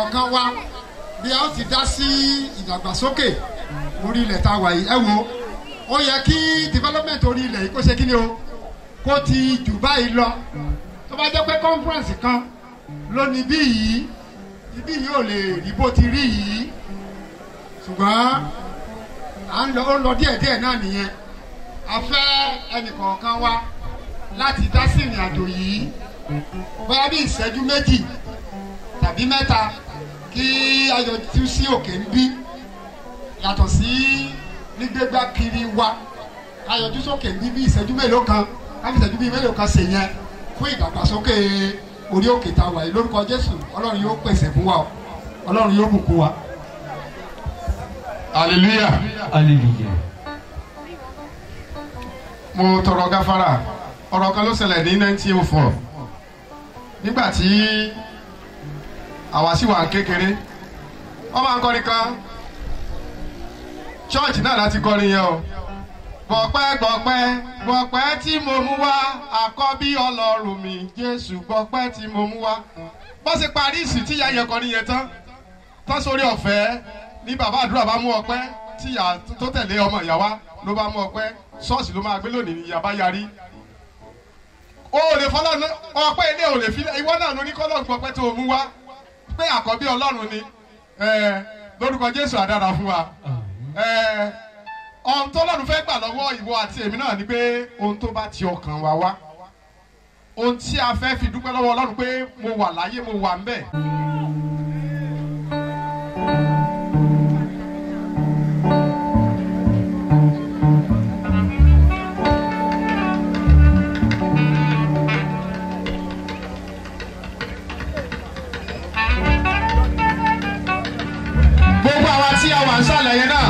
kọ̀ọ̀kan wa bí a ti dá sí ìdàgbàsókè orí ilẹ̀ tá wà yìí ẹ wo ó yẹ kí development orí ilẹ̀ yìí kó ṣe kí ni o kó ti jù báyìí lọ tó bá jẹ́ pé conference kan ló ní bí yìí ibi yìí ò lè rí bó ti rí yìí ṣùgbọ́n à ń lọ ó ń lọ díẹ̀díẹ̀ náà nìyẹn a fẹ́ ẹnìkọ̀ọ̀kan wa láti dá sí ìrìn àjò yìí bóyá bí ìṣẹ́jú méjì tàbí mẹ́ta kí ayọ̀jú sí òkè ń bí yàtọ̀ sí nígbégbá kiri wa ayọ̀jú sókè ń bí bí ìṣẹ́jú mélòó kan láti ìṣẹ́jú bíi mélòó kan ṣe yẹn fún ìdàgbàsókè orí òkè tá wà yìí lórúkọ Jésù Ọlọ́run yóò pèsè fún wa Ọlọ́run yóò bùkún wa. hallelujah. hallelujah. mo tọrọ gáfárà ọ̀rọ̀ kan ló ṣẹlẹ̀ ní nineteen oh four nígbà tí. àwa sì Ọ kékeré wọ́n máa ń kọrin kan náà láti kọrin yẹn o. gbọ̀pẹ́ gbọ̀pẹ́ tí mo mú wá àkọ́bí ọlọ́run mi Jésù gbọ̀pẹ́ tí mo mú wá. bó ṣe parí ìsìn tí yáyẹ kọrin yẹn tán tán sórí ọ̀fẹ́ ní bàbá àdúrà bá mú ọpẹ́ tó tẹ̀lé ọmọ ìyá ló bá mú ọpẹ́ ṣọ́ọ̀ṣì ló máa gbé lónìí yarí o ò lè pé àkọ́bí ọlọ́run ni lórúkọ jésù àdára fún wa ohun tó lọ́run fẹ́ gbà lọ́wọ́ ìwọ àti èmi náà ni pé ohun tó bá ti ọkàn wa wá ohun tí a fẹ́ fi dúpẹ́ lọ́wọ́ ọlọ́run pé mo wà láyé mo wà ń bẹ̀. wà ń ṣàlàyé náà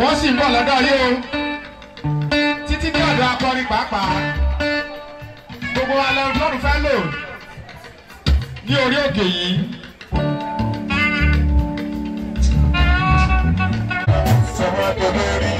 wọ́n sì ń bọ̀ lọ́dọ̀ yìí o títí dé ọ̀dọ̀ akọrin pàápàá gbogbo wa fẹ́ lò ní orí òkè yìí. Sọ́wọ́n tó lórí.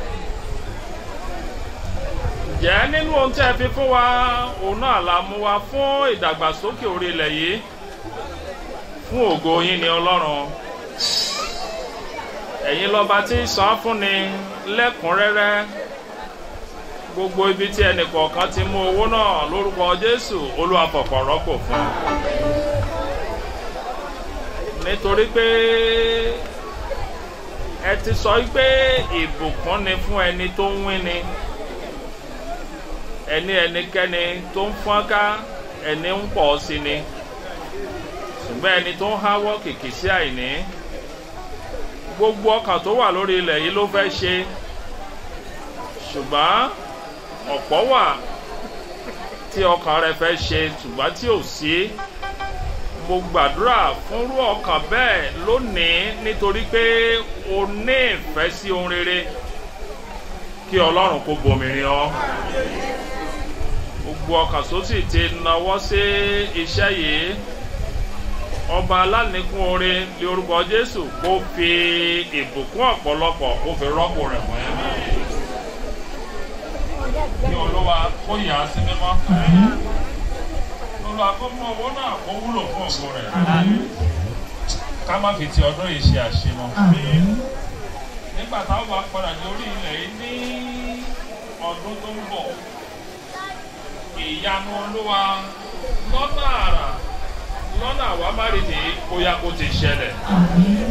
ǹjẹ́ nínú ohun tẹ́ fi fún wa òun náà la mú wa fún ìdàgbàsókè orílẹ̀ yìí fún ògo yín ni ọlọ́run ẹ̀yin lọ́ba tí san fúnni lẹ́kùnrẹ́rẹ́ gbogbo ibi tí ẹnìkọ̀ọ̀kan ti mú owó náà lórúkọ jésù olúwa fọ̀pọ̀ rọ́pò fún nítorí pé ẹ ti sọ pé ìbùkún ni fún ẹni tó ń wí ni ẹni ẹnikẹ́ni tó ń fọ́n ká ẹni ń pọ̀ sí ni ṣùgbọ́n ẹni tó ń háwọ́ kìkì sí àìní gbogbo ọkàn tó wà lórí ilẹ̀ yìí ló fẹ́ ṣe ṣùgbọ́n ọ̀pọ̀ wà tí ọkàn rẹ fẹ́ ṣe ṣùgbọ́n tí ò sí mo gbàdúrà fúnrú ọkàn bẹ́ẹ̀ lónìí nítorí pé o ní ìfẹ́ sí ohun rere kí ọlọ́run kó bomi rin ọ gbogbo ọkàn tó sì ti nawọ́ sí iṣẹ́ yìí ọba alánìkún oore lé orúkọ jésù kó fi ìbùkún ọ̀pọ̀lọpọ̀ kó fi rọ́pò rẹ̀ wọ́n yẹn ní olúwa kó yà á sí mímọ́ olúwa kó mú owó náà kó wúlò fún ògo rẹ̀ ká má fi ti ọdún yìí ṣe àṣemọ nígbà táwọn bá orí ilẹ̀ yìí ní ọdún tó ń bọ̀ ìyanu olúwa lọ́nà àrà lọ́nà àwa má rèé kóyá kó ti ṣẹlẹ̀. àmín.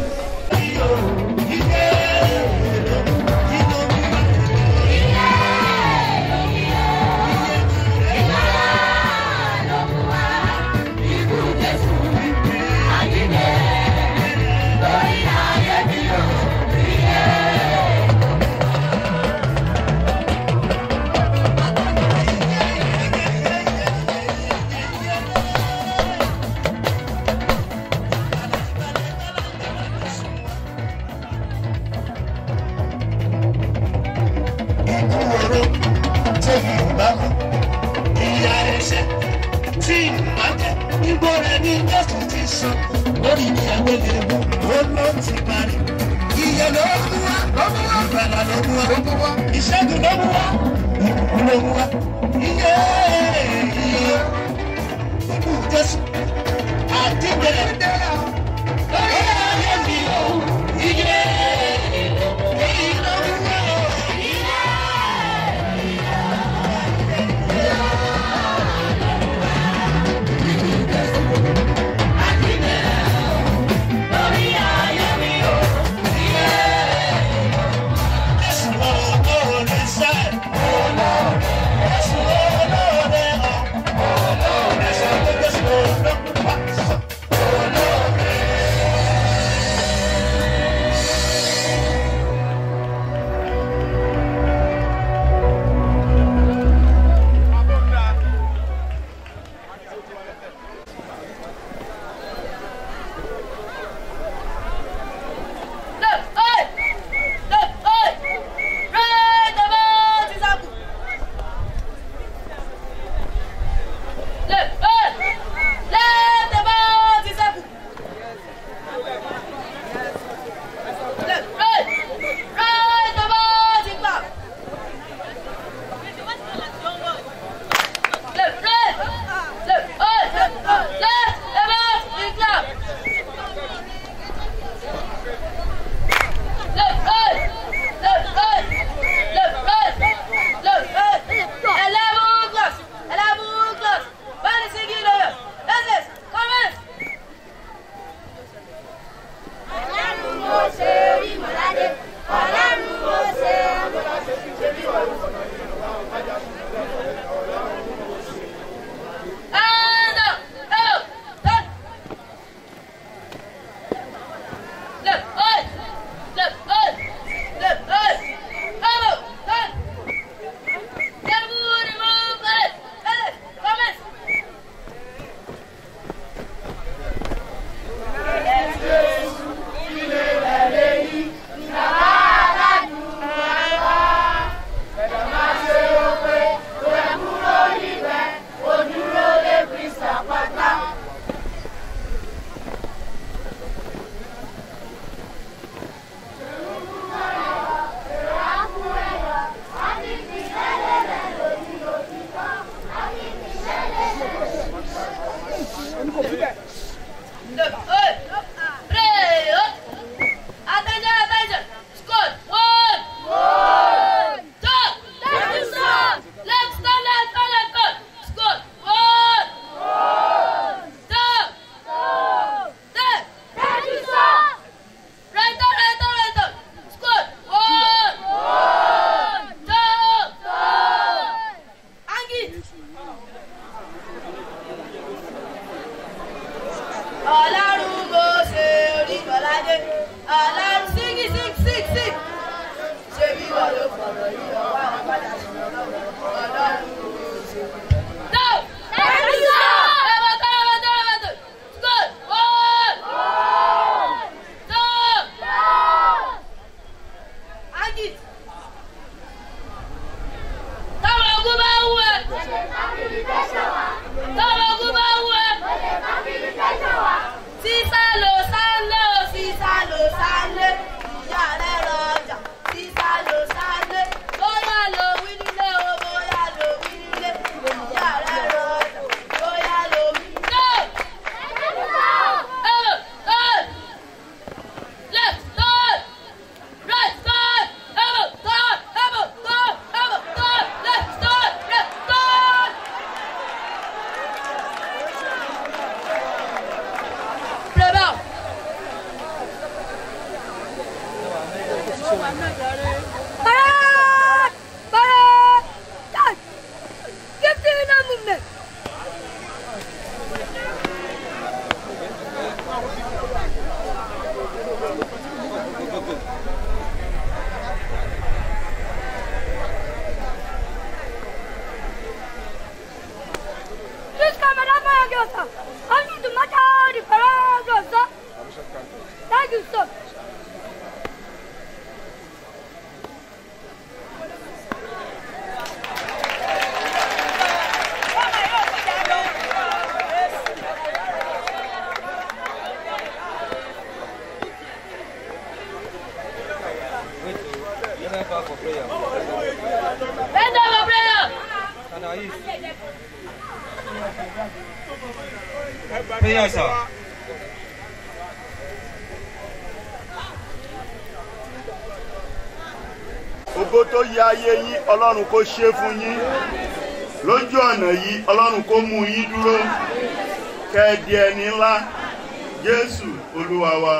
Republic! ogo tó yi ayé yín ọlọ́run kó ṣe fún yín lójú ọ̀nà yìí ọlọ́run kó mú yín dúró kẹ́ẹ̀dì ẹni ńlá jésù olúwa wa.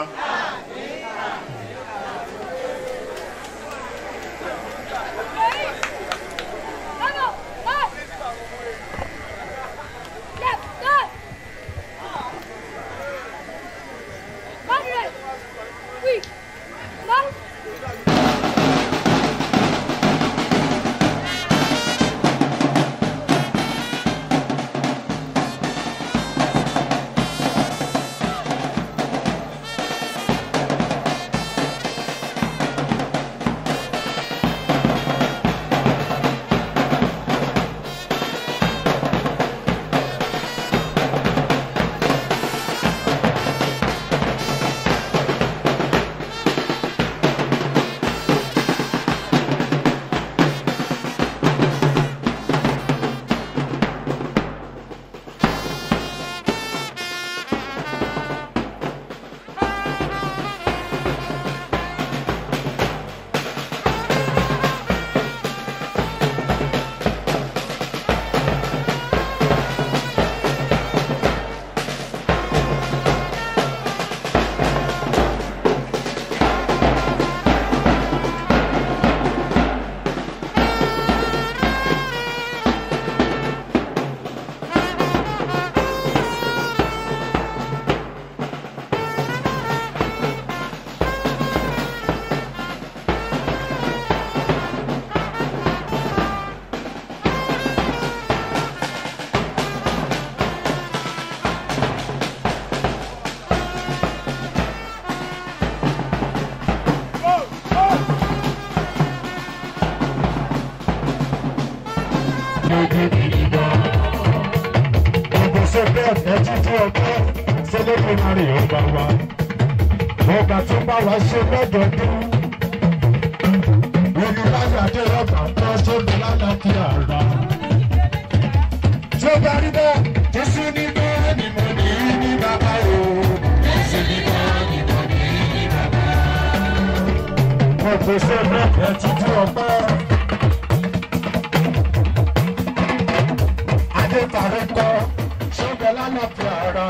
lọ ṣe lọ́dọọdún. Omi láyà dé ọgbà tó sóbi lálàáfíà rà. Tó bá rí bẹ́ẹ̀, Jésù ní bẹ́ẹ̀ ni mo ní ní bàbá o. Jésù ní bẹ́ẹ̀ ni mo ní ní bàbá. Mo pèsè mẹ́fẹ̀ẹ́ títí ọgbẹ́. Adé parí kọ́, sóbi lálàáfíà rà.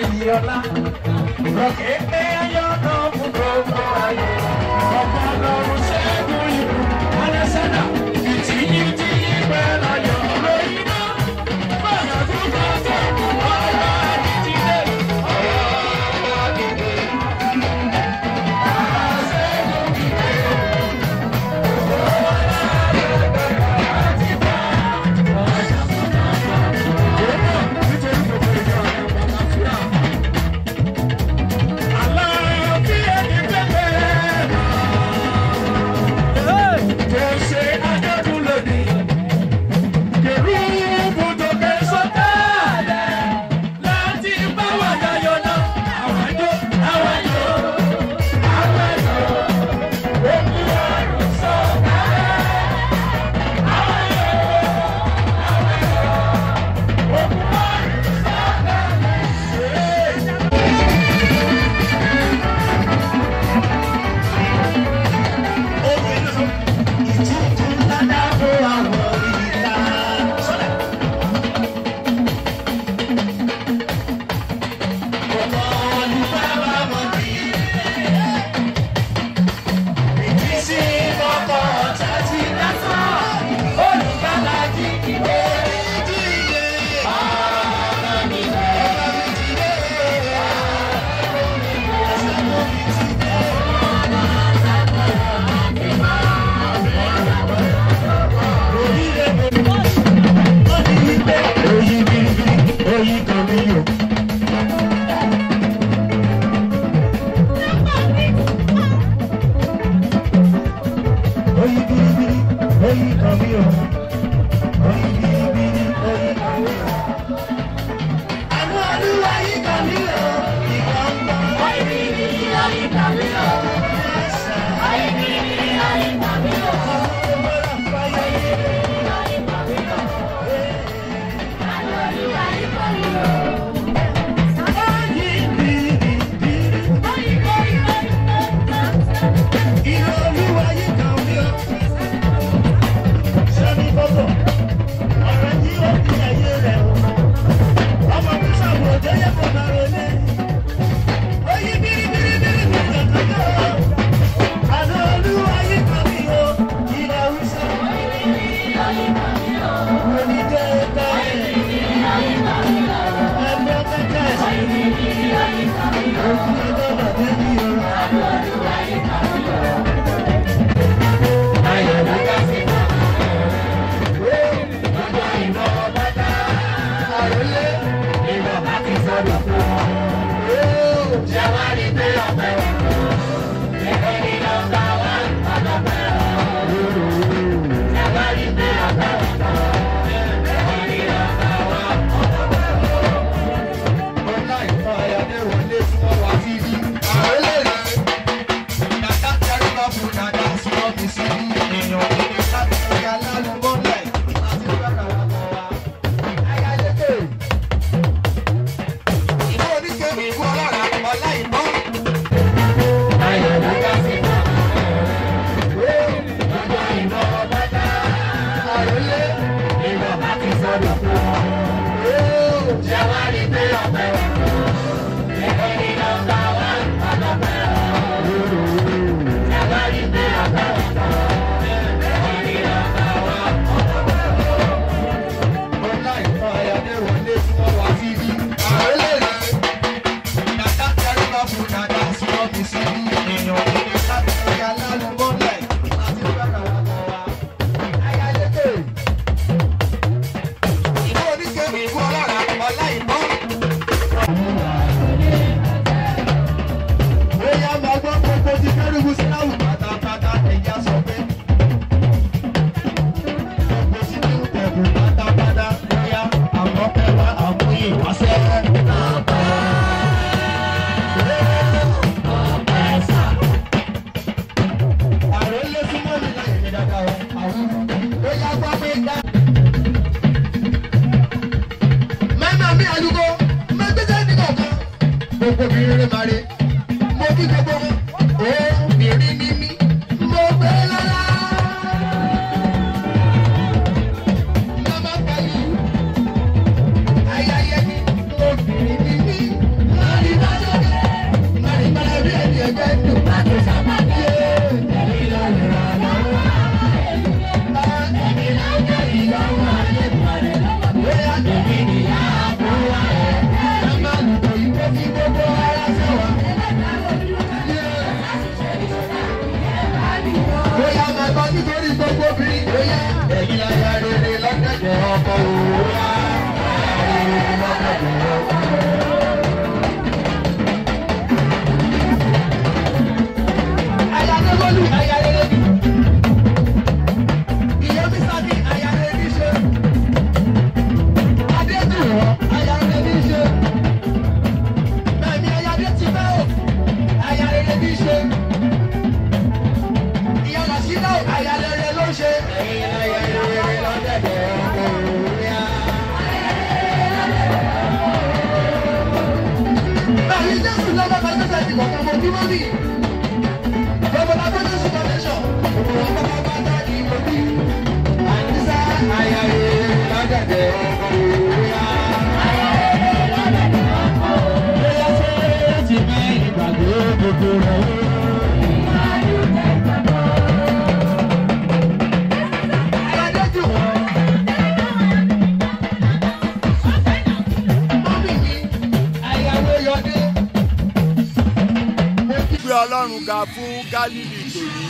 हमारी जीवन रखे ní alúgbó mẹgbẹ́sẹ̀ nìkọ̀ọ̀kan gbogbo obìnrin rẹ̀ máa re mo kí gbogbo níbi ìtòyí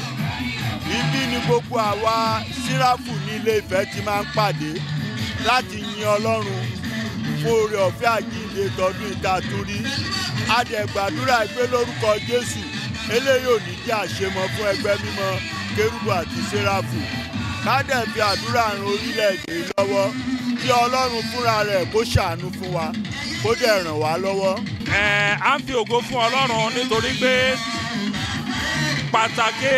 ibi ni gbogbo àwa síráfù ní ilé Ifẹ̀ ti máa ń pàdé láti yin Ọlọ́run fún oore ọ̀fẹ́ àjíǹde tọdún ìtàtúrí a dẹ̀ lórúkọ Jésù eléyìí ò ní jẹ́ àṣemọ fún ẹgbẹ́ mímọ́ kérúbù àti séráfù ká fi àdúrà ran orílẹ̀-èdè lọ́wọ́ kí Ọlọ́run fúnra rẹ̀ kó ṣàánú fún wa kó dẹ̀ ràn wá lọ́wọ́. ẹ à ń fi ògo fún Ọlọ́run nítorí pé pàtàkì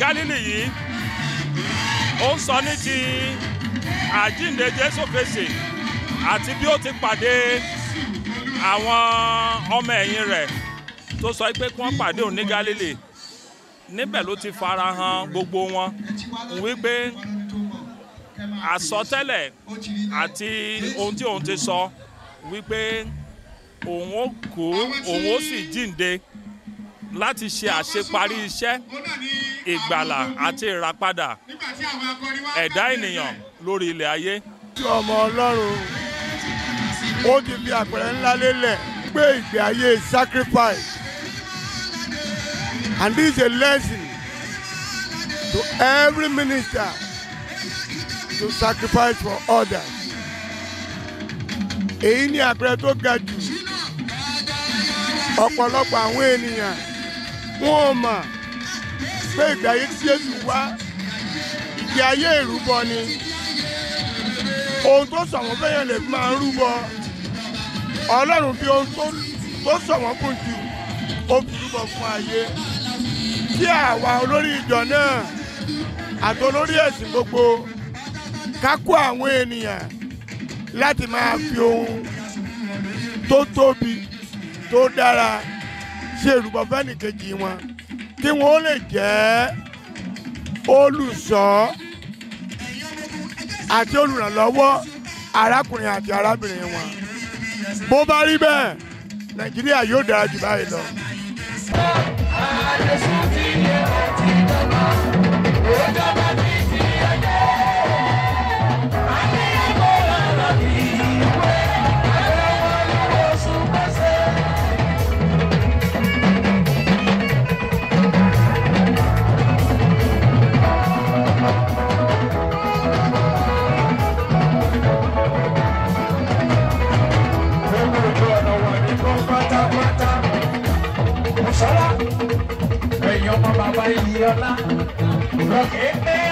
Gálílì yìí ó ń sọ ní ti àjíǹde Jésù Kristi àti bí ó ti pàdé àwọn ọmọ ẹ̀yìn rẹ̀ tó sọ pé kí wọ́n pàdé òun Gálílì níbẹ̀ ló ti fara hàn gbogbo wọn wípé àsọtẹ́lẹ̀ àti ohun tí òun ti sọ wípé òun ó kú òun ó sì jíǹde láti ṣe àṣeparí iṣẹ́ ìgbàlà àti ìràpadà ẹ̀dá ènìyàn lórí ilẹ̀ ayé. tí ọmọ ọlọ́run ó ti fi àpẹẹrẹ ńlá lélẹ̀ pé ìgbé ayé sacrifice and this is a lesson to every minister to sacrifice for others. èyí ni àpẹẹrẹ tó ga jù ọ̀pọ̀lọpọ̀ àwọn ènìyàn wọn ò mọ̀ pé ìgbé ayé tí Jésù wá ìgbé ayé ìrúbọ ni ohun tó sọ wọn fẹ́yàn lè máa ń rúbọ Ọlọ́run fi ohun tó sọ wọn kùn jù ó fi rúbọ fún ayé kí àwa olórí ìjọ náà àti olórí ẹ̀sìn gbogbo ká kó àwọn ènìyàn láti máa fi ohun tó tóbi tó dára ṣe ìrúbọ fẹ́nìkejì wọn kí wọn ó lè jẹ́ olùṣọ́ àti olùrànlọ́wọ́ arákùnrin àti arábìnrin wọn bó bá rí bẹ́ẹ̀ nàìjíríà yóò dára jù báyìí lọ. àdéṣù ti yẹ àti dàgbà ó dàgbà. ọmọ bàbá ìlú rọ̀kẹ́ bẹ́ẹ̀.